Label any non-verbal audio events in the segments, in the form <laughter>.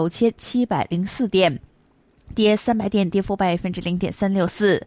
九千七百零四點，跌三百點，跌幅百分之零點三六四。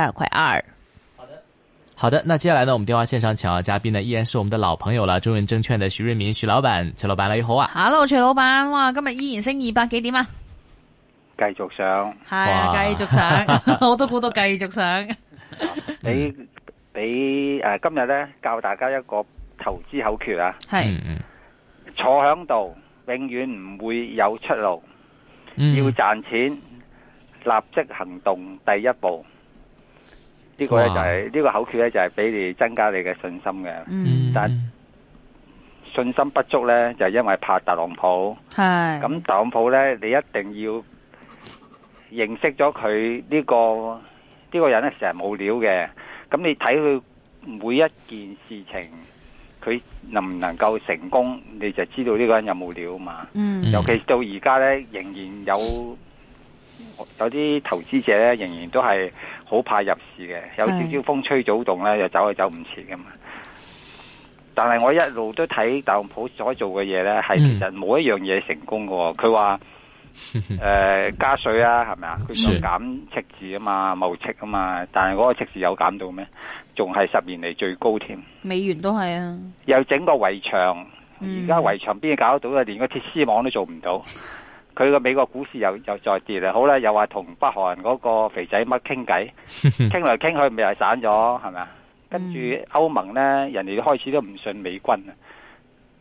二塊二，好的，好的。那接下來呢，我們電話線上請到嘉賓呢，依然是我們的老朋友了，中運證券的徐潤民徐老闆，徐老闆你好啊！Hello，徐老闆，哇，今日依然升二百幾點啊？繼續上，係、啊、繼續上， <laughs> 我都估到繼續上。 <laughs> 你你誒、呃，今日呢，教大家一個投資口訣啊，係、嗯、坐響度永遠唔會有出路，嗯、要賺錢立即行動，第一步。呢、這個咧就係、是、呢、這個口訣咧，就係俾你增加你嘅信心嘅、嗯。但信心不足呢，就是、因為怕特朗普。係咁，那特朗普呢，你一定要認識咗佢呢個呢、這個人呢，成日冇料嘅。咁你睇佢每一件事情，佢能唔能夠成功，你就知道呢個人有冇料啊嘛、嗯。尤其到而家呢，仍然有有啲投資者呢，仍然都係。好怕入市嘅，有少少風吹草動咧，又走去走唔切噶嘛。但係我一路都睇特朗普所做嘅嘢咧，係其實冇一樣嘢成功噶。佢話誒加稅啊，係咪啊？佢想減赤字啊嘛，貿赤啊嘛。但係嗰個赤字有減到咩？仲係十年嚟最高添。美元都係啊。又整個圍牆，而家圍牆邊搞得到啊？連個鐵絲網都做唔到。佢個美國股市又又再跌啦，好啦，又話同北韓嗰個肥仔乜傾偈，傾嚟傾去咪係散咗係咪啊？跟住歐盟呢，人哋開始都唔信美軍啊，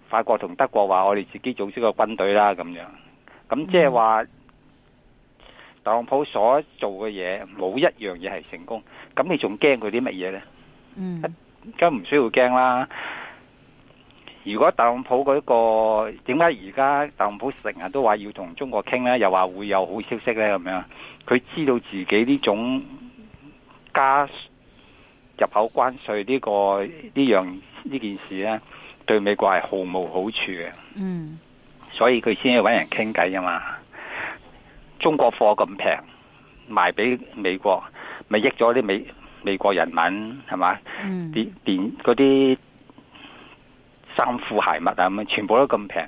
法國同德國話我哋自己組織個軍隊啦咁樣，咁即係話特朗普所做嘅嘢冇一樣嘢係成功，咁你仲驚佢啲乜嘢呢？嗯，梗唔需要驚啦。如果特朗普嗰個，點解而家特朗普成日都話要同中國傾咧，又話會有好消息咧咁樣，佢知道自己呢種加入口關稅呢個呢樣呢件事咧，對美國係毫無好處嘅。嗯，所以佢先去搵人傾偈啊嘛。中國貨咁平，賣畀美國，咪益咗啲美美國人民係嘛？嗯，電電嗰啲。衫褲鞋襪啊咁，全部都咁平，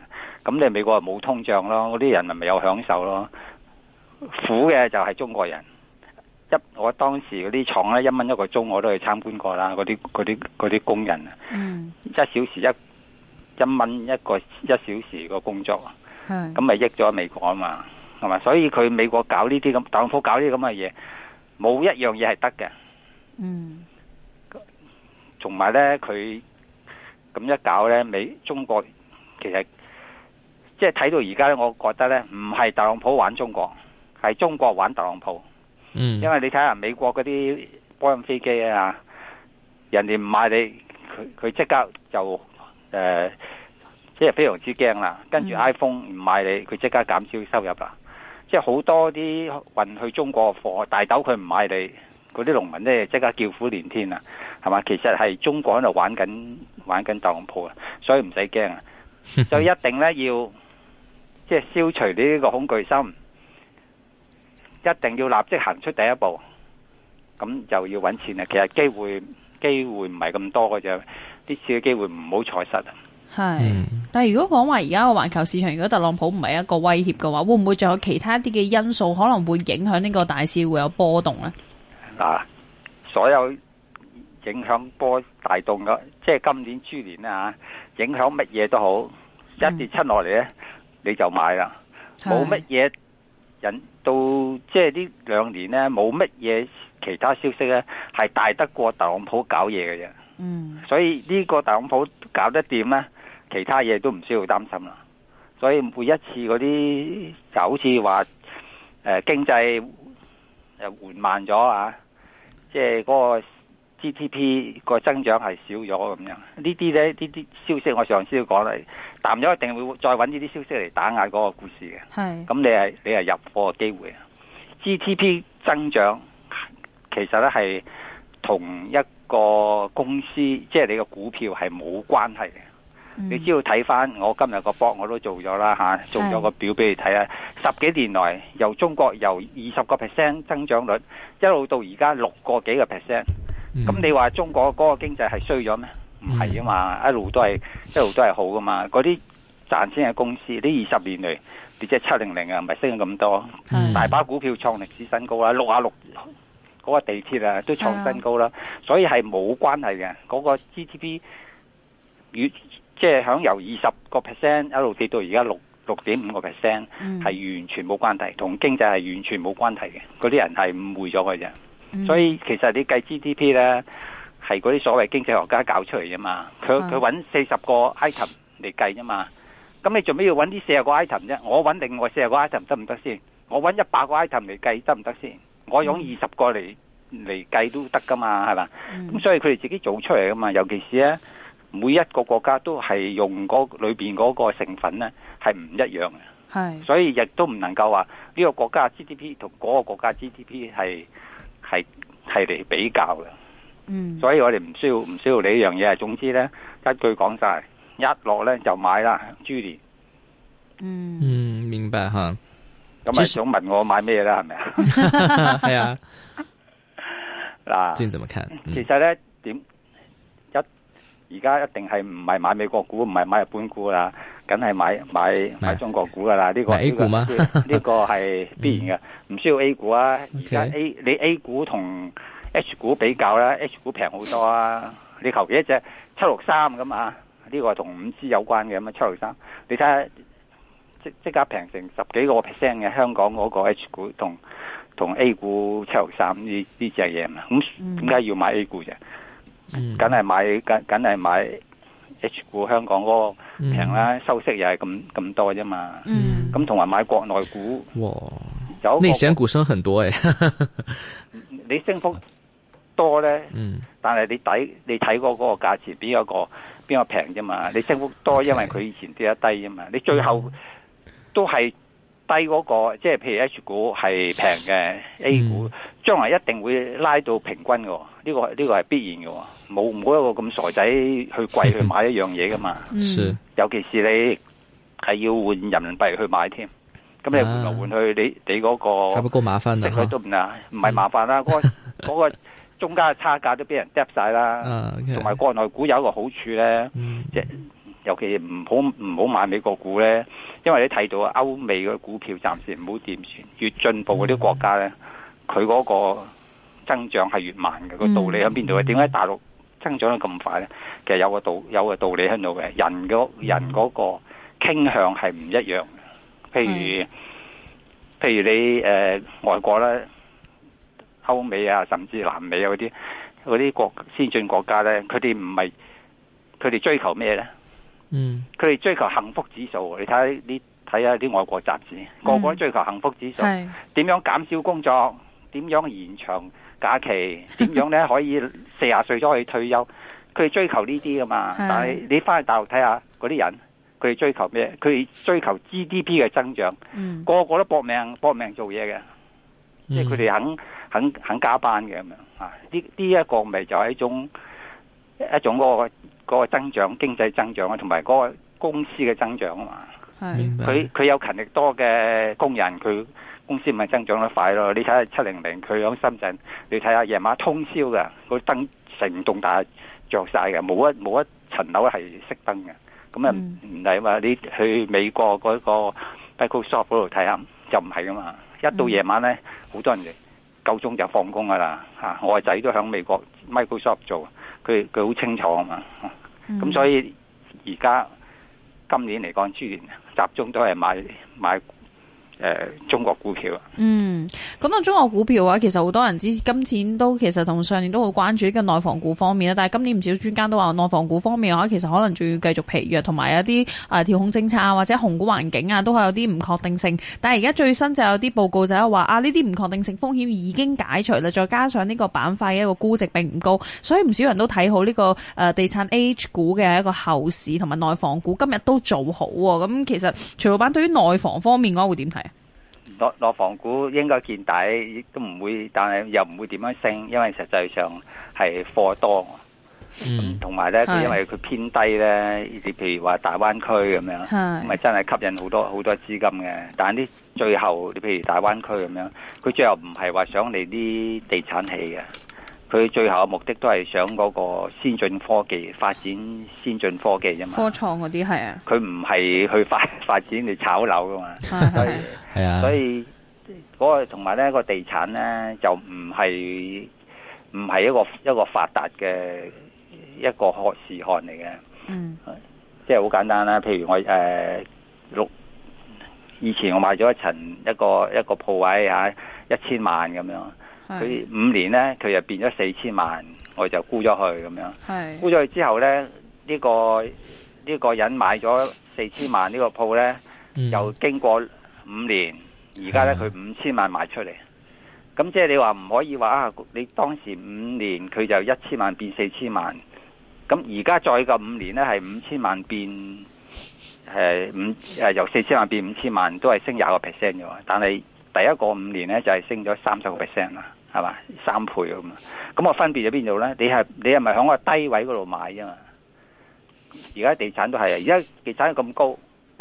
咁你美國冇通脹咯，嗰啲人咪有享受咯，苦嘅就係中國人，一我當時嗰啲廠咧一蚊一個鐘我都去參觀過啦，嗰啲嗰啲嗰啲工人啊、嗯，一小時一，一蚊一個一小時個工作，咁咪益咗美國啊嘛，係嘛，所以佢美國搞呢啲咁，特朗普搞呢啲咁嘅嘢，冇一樣嘢係得嘅，嗯，同埋咧佢。咁一搞呢，美中國其實即係睇到而家呢，我覺得呢，唔係特朗普玩中國，係中國玩特朗普。嗯，因為你睇下美國嗰啲波音飛機啊，人哋唔買你，佢佢即刻就誒，即係非常之驚啦。跟住 iPhone 唔買你，佢即刻減少收入啦、嗯。即係好多啲運去中國嘅貨，大豆佢唔買你，嗰啲農民呢，即刻叫苦連天啦。係嘛？其實係中國喺度玩緊玩緊特朗普啊，所以唔使驚啊。所以一定咧要即係、就是、消除呢個恐懼心，一定要立即行出第一步。咁就要搵錢啊！其實機會機會唔係咁多嘅啫，啲次嘅機會唔好錯失啊。係，但係如果講話而家個環球市場，如果特朗普唔係一個威脅嘅話，會唔會仲有其他啲嘅因素，可能會影響呢個大市會有波動咧？嗱，所有。影響波大動噶，即係今年豬年啊，吓，影響乜嘢都好，一跌親落嚟咧你就買啦。冇乜嘢引到，即係呢兩年咧冇乜嘢其他消息咧，係大得過特朗普搞嘢嘅啫。嗯，所以呢個特朗普搞得掂咧，其他嘢都唔需要擔心啦。所以每一次嗰啲就好似話誒經濟又緩慢咗啊，即係嗰個。G T P 個增長係少咗咁樣這呢，呢啲咧，呢啲消息，我上次都講嚟，淡咗一定會再搵呢啲消息嚟打壓嗰個故事嘅。咁，你係你係入貨嘅機會。G T P 增長其實咧係同一個公司，即係你個股票係冇關係嘅。嗯。你只要睇翻我今日個波，我都做咗啦，做咗個表俾你睇下。十幾年來由中國由二十個 percent 增長率一路到而家六個幾個 percent。咁你話中國嗰個經濟係衰咗咩？唔係啊嘛，一路都係一路都係好噶嘛。嗰啲賺錢嘅公司，呢二十年嚟你即係七零零啊，唔係升咗咁多。大把股票創歷史新高啦，六啊六嗰個地鐵啊都創新高啦。所以係冇關係嘅，嗰個 GDP 即係響由二十個 percent 一路跌到而家六六點五個 percent，係完全冇關係，同經濟係完全冇關係嘅。嗰啲人係誤會咗佢啫。所以其實你計 GDP 咧，係嗰啲所謂經濟學家搞出嚟嘅嘛。佢佢揾四十個 item 嚟計啫嘛。咁你做咩要揾啲四十個 item 啫？我揾另外四十個 item 得唔得先？我揾一百個 item 嚟計得唔得先？我用二十個嚟嚟計都得噶嘛，係嘛？咁所以佢哋自己做出嚟噶嘛。尤其是咧，每一個國家都係用嗰裏邊嗰個成分咧係唔一樣嘅。係，所以亦都唔能夠話呢個國家 GDP 同嗰個國家 GDP 係。係係嚟比較嘅,所以我哋唔需要唔需要呢樣嘢。總之咧,一句講晒,一落咧就買啦 ,Julie。嗯,明白吓,嗯,嗯,咁你想問我買咩啦?係咪啊?係啊。嗱,最近點睇?其實咧,點,而家一定係唔係買美國股,唔係買日本股啦梗係買買買中國股噶啦，呢個 A 股嘛？呢個係必然嘅，唔需要 A 股啊！而家 A 你 A 股同 H 股比較啦，H 股平好多啊！你求其一隻七六三咁啊，呢個同五 G 有關嘅咁啊七六三，你睇下即即刻平成十幾個 percent 嘅香港嗰個 H 股同同 A 股七六三呢呢隻嘢啊！咁點解要買 A 股啫？梗係買，梗梗係買。H 股香港嗰個平啦，收息又係咁咁多啫嘛。咁同埋買國內股，有內險股升很多誒。你升幅多咧，但係你睇你睇過嗰個價錢邊一個邊個平啫嘛。你升幅多，因為佢以前跌得低啫嘛。你最後都係低嗰個，即係譬如 H 股係平嘅，A 股，將來一定會拉到平均嘅。呢、這個係呢、這個係必然嘅，冇好一個咁傻仔去貴去買一樣嘢噶嘛、嗯？尤其是你係要換人民幣去買添，咁你換嚟、啊、換去你，你你、那、嗰個有冇咁麻煩都唔係、啊、麻煩啦，嗰、嗯那個、那個中間嘅差價都俾人掉晒啦。同 <laughs> 埋國內股有一個好處咧，即、嗯、係尤其唔好唔好買美國股咧，因為你睇到歐美嘅股票暫時唔好掂算，越進步嗰啲國家咧，佢、嗯、嗰、那個。增長係越慢嘅，個道理喺邊度啊？點解大陸增長得咁快咧？其實有個道有個道理喺度嘅，人嘅人嗰個傾向係唔一樣嘅。譬如譬如你誒、呃、外國咧，歐美啊，甚至南美啊嗰啲嗰啲國先進國家咧，佢哋唔係佢哋追求咩咧？嗯，佢哋追求幸福指數。你睇啲睇下啲外國雜誌，個個都追求幸福指數，嗯、點樣減少工作，點樣延長。假期點樣咧可以四十歲都可以退休？佢追求呢啲噶嘛？ <laughs> 但係你翻去大陸睇下嗰啲人，佢追求咩？佢追求 GDP 嘅增長、嗯，個個都搏命搏命做嘢嘅，即係佢哋肯肯肯加班嘅咁樣啊！呢呢一個咪就係一種一種嗰、嗰個、嗰個增長、經濟增長啊，同埋嗰個公司嘅增長啊嘛。佢佢有勤力多嘅工人，佢。公司咪增長得快咯。你睇下七零零佢喺深圳，你睇下夜晚通宵嘅，個燈成棟大着晒嘅，冇一冇一層樓係熄燈嘅。咁啊唔係嘛？你去美國嗰個 Microsoft 嗰度睇下，就唔係噶嘛。一到夜晚咧，好多人嘅夠鐘就放工噶啦嚇。我個仔都喺美國 Microsoft 做，佢佢好清楚啊嘛。咁所以而家今年嚟講，資源集中都係買買。買誒，中國股票啊，嗯，講到中國股票嘅話，其實好多人知今次都其實同上年都好關注呢個內房股方面啦。但係今年唔少專家都話內房股方面嘅話，其實可能仲要繼續疲弱，同埋一啲誒調控政策啊，或者紅股環境啊，都係有啲唔確定性。但係而家最新就有啲報告就係話啊，呢啲唔確定性風險已經解除啦，再加上呢個板塊嘅一個估值並唔高，所以唔少人都睇好呢、這個誒、啊、地產 A 股嘅一個後市，同埋內房股今日都做好。咁、嗯、其實徐老闆對於內房方面我話會點睇？落房股應該見底，亦都唔會，但係又唔會點樣升，因為實際上係貨多。嗯，同埋呢，佢因為佢偏低呢，你譬如話大灣區咁樣，咁咪真係吸引好多好多資金嘅。但係啲最後，你譬如大灣區咁樣，佢最後唔係話想嚟啲地產氣嘅。佢最後嘅目的都係想嗰個先進科技，發展先進科技啫嘛，科創嗰啲係啊。佢唔係去發發展你炒樓㗎嘛，係 <laughs> 啊所以， <laughs> 所以嗰、那個同埋呢個地產呢，就唔係唔係一個一個發達嘅一個學士看嚟嘅。嗯，即係好簡單啦、啊。譬如我誒、呃、六以前我買咗一層一個一個鋪位吓一千萬咁樣。佢五年呢，佢又變咗四千萬，我就沽咗佢咁樣。嗯、沽咗佢之後呢呢、呢個呢、呢個人買咗四千萬呢個鋪呢，又經過五年，而家呢，佢五千萬賣出嚟。咁即係你話唔可以話啊？你當時五年佢就一千萬變四千萬，咁而家再過五年呢，係五千萬變誒五、呃呃、由四千萬變五千萬都係升廿個 percent 啫喎。但係第一個五年呢，就係、是、升咗三十個 percent 啦。係嘛，三倍咁啊？咁我分別喺邊度咧？你係你係咪響個低位嗰度買啫嘛？而家地產都係啊！而家地產咁高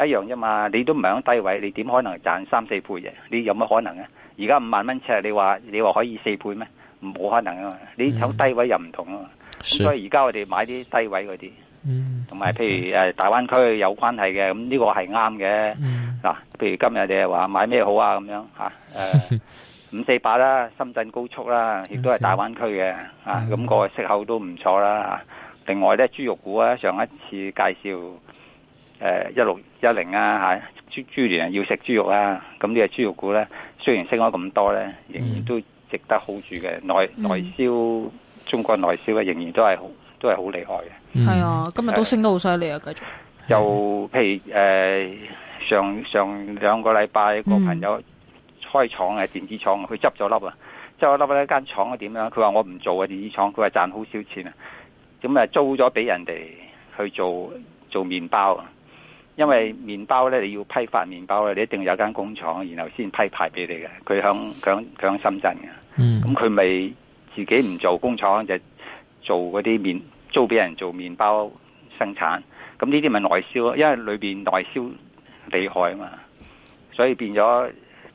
一樣啫嘛？你都唔響低位，你點可能賺三四倍嘅？你有乜可能啊？而家五萬蚊尺，你話你話可以四倍咩？冇可能啊嘛！你響低位又唔同啊嘛。嗯、咁所以而家我哋買啲低位嗰啲，同、嗯、埋譬如誒大灣區有關係嘅，咁呢個係啱嘅。嗱、嗯，譬如今日你話買咩好啊？咁樣吓誒。啊 <laughs> 五四八啦，深圳高速啦，亦都係大灣區嘅啊，咁、個息口都唔錯啦、啊。另外咧，豬肉股咧、啊，上一次介紹誒一六一零啊，嚇、啊、豬豬年要食豬肉啊，咁呢個豬肉股咧，雖然升咗咁多咧，仍然都值得好住嘅、嗯、內內銷、嗯，中國內銷嘅仍然都係好都係好厲害嘅。係、嗯、啊，今日都升得好犀利啊！繼續又譬如誒、呃，上上兩個禮拜個朋友、嗯。開廠啊，電子廠佢執咗笠啦，執咗笠喺間廠啊，點樣？佢話我唔做啊，電子廠佢話賺好少錢啊，咁啊租咗俾人哋去做做麵包啊。因為麵包咧，你要批發麵包咧，你一定要有間工廠，然後先批牌俾你嘅。佢響響響深圳嘅，咁佢咪自己唔做工廠，就做嗰啲麵租俾人做麵包生產。咁呢啲咪內銷，因為裏邊內銷厲害啊嘛，所以變咗。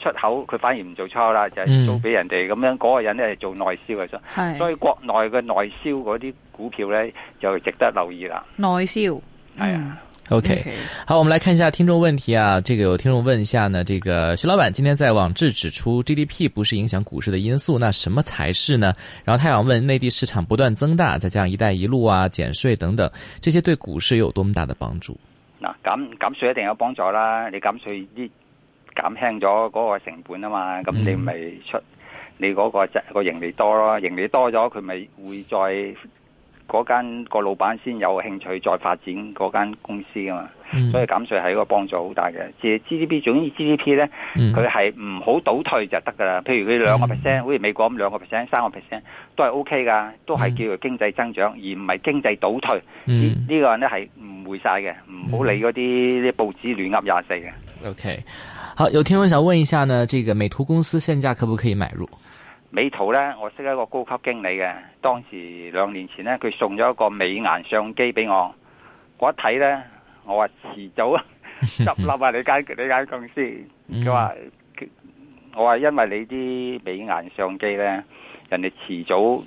出口佢反而唔做抄啦，就係租俾人哋咁、嗯、樣。嗰、那個人呢，係做內銷嘅啫，所以國內嘅內銷嗰啲股票呢，就值得留意啦。內銷係啊、哎、okay，OK，好，我們來看一下聽眾問題啊。這個有聽眾問一下呢，這個徐老闆，今天在網誌指出 GDP 不是影響股市的因素，那什麼才是呢？然後他想問，內地市場不斷增大，再加上一帶一路啊、減稅等等，這些對股市有多麼大的幫助？嗱，減減稅一定有幫助啦，你減稅減輕咗嗰個成本啊嘛，咁你咪出你嗰個盈利多咯，盈利多咗佢咪會再嗰間個老闆先有興趣再發展嗰間公司啊嘛、嗯，所以減稅係一個幫助好大嘅。即係 GDP 總之 GDP 咧，佢係唔好倒退就得噶啦。譬如佢兩個 percent，好似美國咁兩個 percent、三個 percent 都係 OK 噶，都係叫做經濟增長，嗯、而唔係經濟倒退。呢、嗯呢個咧係唔會晒嘅，唔好理嗰啲啲報紙亂噏廿四嘅。OK。好，有聽眾想問一下呢？這個美圖公司現價可不可以買入？美圖呢，我識一個高級經理嘅，當時兩年前呢，佢送咗一個美顏相機俾我，我一睇呢，我話遲早執笠啊！你間你間公司，佢 <laughs> 話、嗯、我話因為你啲美顏相機呢，人哋遲早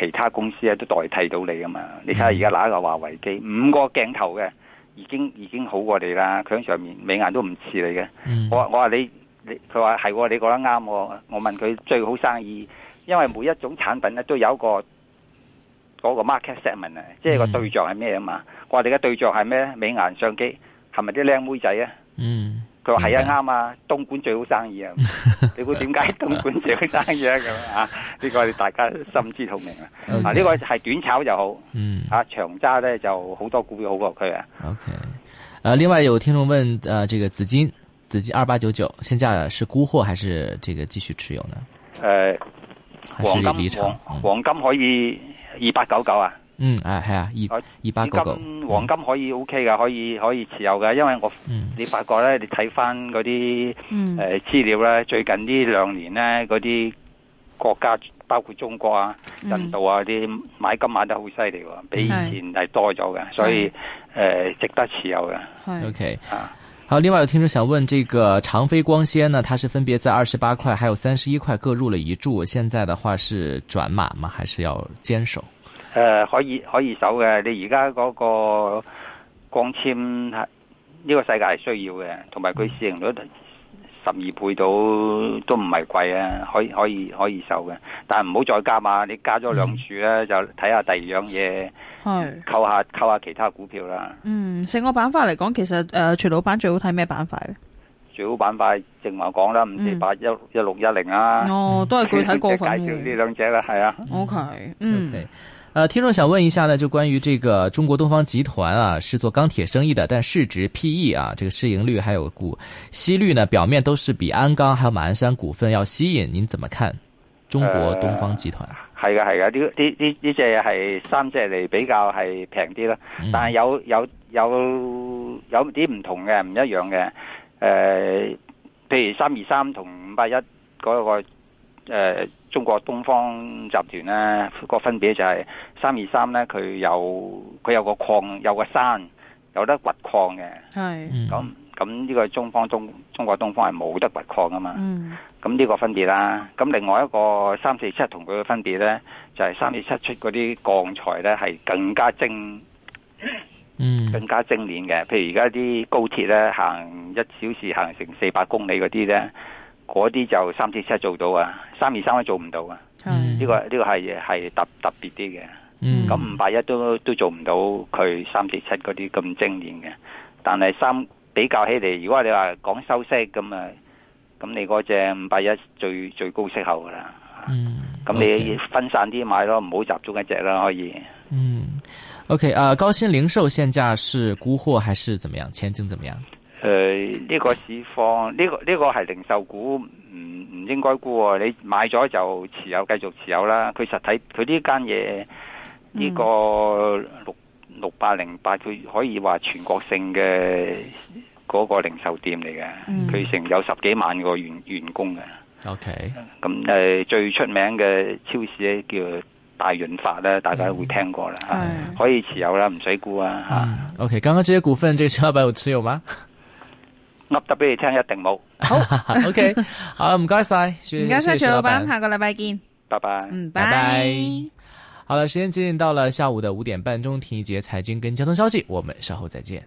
其他公司都代替到你啊嘛！你睇下而家拿一個華為機，五個鏡頭嘅。已經已經好過你啦，佢喺上面美顏都唔似你嘅、嗯。我話我話你，你佢話係你講得啱喎。我問佢最好生意，因為每一種產品咧都有一個嗰個 market segment 啊，即係個對象係咩啊嘛。嗯、我哋嘅對象係咩？美顏相機係咪啲靚妹仔啊？嗯。就係啊啱啊，東莞最好生意啊！你估點解東莞最好生意啊？咁啊，呢個大家心知肚明、okay. 啊！啊，呢個係短炒就好，嗯、啊長揸咧就好多股票好過佢啊。OK，誒、啊，另外有聽眾問誒、呃，呢個紫金，紫金二八九九現價係沽貨還是這個繼續持有呢？誒、呃，黃金還是離場黃金可以二八九九啊。嗯啊係啊二二八嗰個金黃金可以 O K 噶，可以可以持有噶，因為我、嗯、你發覺咧你睇返嗰啲誒資料咧，最近兩呢兩年咧嗰啲國家包括中國啊、印度啊啲、嗯、買金買得好犀利喎，比以前係多咗嘅、嗯，所以誒、嗯呃、值得持有嘅。O、okay. K、啊、好，另外有聽眾想問，這個長飛光纖呢，它是分別在二十八塊，還有三十一塊各入了一注，現在的話是轉碼嗎，還是要堅守？誒、呃，可以可以守嘅，你而家嗰個光纖呢，這個世界係需要嘅，同埋佢市盈率十二倍到都唔係貴啊，可以可以可以守嘅。但係唔好再加碼，你加咗兩處咧，就睇下第二樣嘢，扣下扣下其他股票啦。嗯，成個板塊嚟講，其實誒，徐、呃、老闆最好睇咩板塊最好板塊，正話講啦，五四八一一六一零啦。哦，都係具體過分即係介紹呢兩者啦，係啊。O、okay, K，嗯。Okay. 啊、呃，聽眾想問一下呢，就關於這個中國東方集團啊，是做鋼鐵生意的，但市值 P/E 啊，這個市盈率還有股息率呢，表面都是比鞍鋼還有馬鞍山股份要吸引，您怎麼看中國東方集團？係噶係噶，呢呢呢呢隻係三隻嚟比較係平啲啦，但係有有有有啲唔同嘅唔一樣嘅，誒、呃，譬如三二三同五八一嗰個。誒、呃、中國東方集團咧、呢個分別就係三二三咧，佢有佢有個礦，有個山，有得掘礦嘅。係，咁咁呢個中方東中國東方係冇得掘礦㗎嘛。嗯，咁呢個分別啦。咁另外一個三四七同佢嘅分別咧，就係三四七出嗰啲鋼材咧係更加精，嗯，更加精煉嘅、嗯。譬如而家啲高鐵咧行一小時行成四百公里嗰啲咧。嗰啲就三至七做到啊，三二三都做唔到啊，呢、嗯這個呢、這個係係特特別啲嘅。咁五百一都都做唔到佢三至七嗰啲咁精煉嘅。但係三比較起嚟，如果你話講收息咁啊，咁你嗰隻五百一最最高息口噶啦。嗯，咁你分散啲買咯，唔、嗯、好集中一隻啦，可以。嗯，OK 啊、呃，高鑫零售現價是沽貨還是怎麼樣？前景怎麼樣？誒、呃，呢、這個市況，呢、這個呢、這個係零售股，唔唔應該沽、哦。你買咗就持有，繼續持有啦。佢實體，佢呢間嘢呢個六六八零八，佢可以話全國性嘅嗰、那個零售店嚟嘅。佢、嗯、成有十幾萬個員員工嘅。O K，咁誒最出名嘅超市咧叫大潤發啦，大家會聽過啦。係、嗯、可以持有啦，唔使沽啊。嗯、o、okay, K，剛剛這些股份，這七百有持有嗎？ <laughs> 噏得俾你聽，一定冇。好 <laughs> ，OK，好啦，唔該晒，唔該晒，徐老闆，下個禮拜見，拜拜，嗯，拜，拜，好啦，時間接近到了，下午的五點半鐘，聽一節財經跟交通消息，我們稍後再見。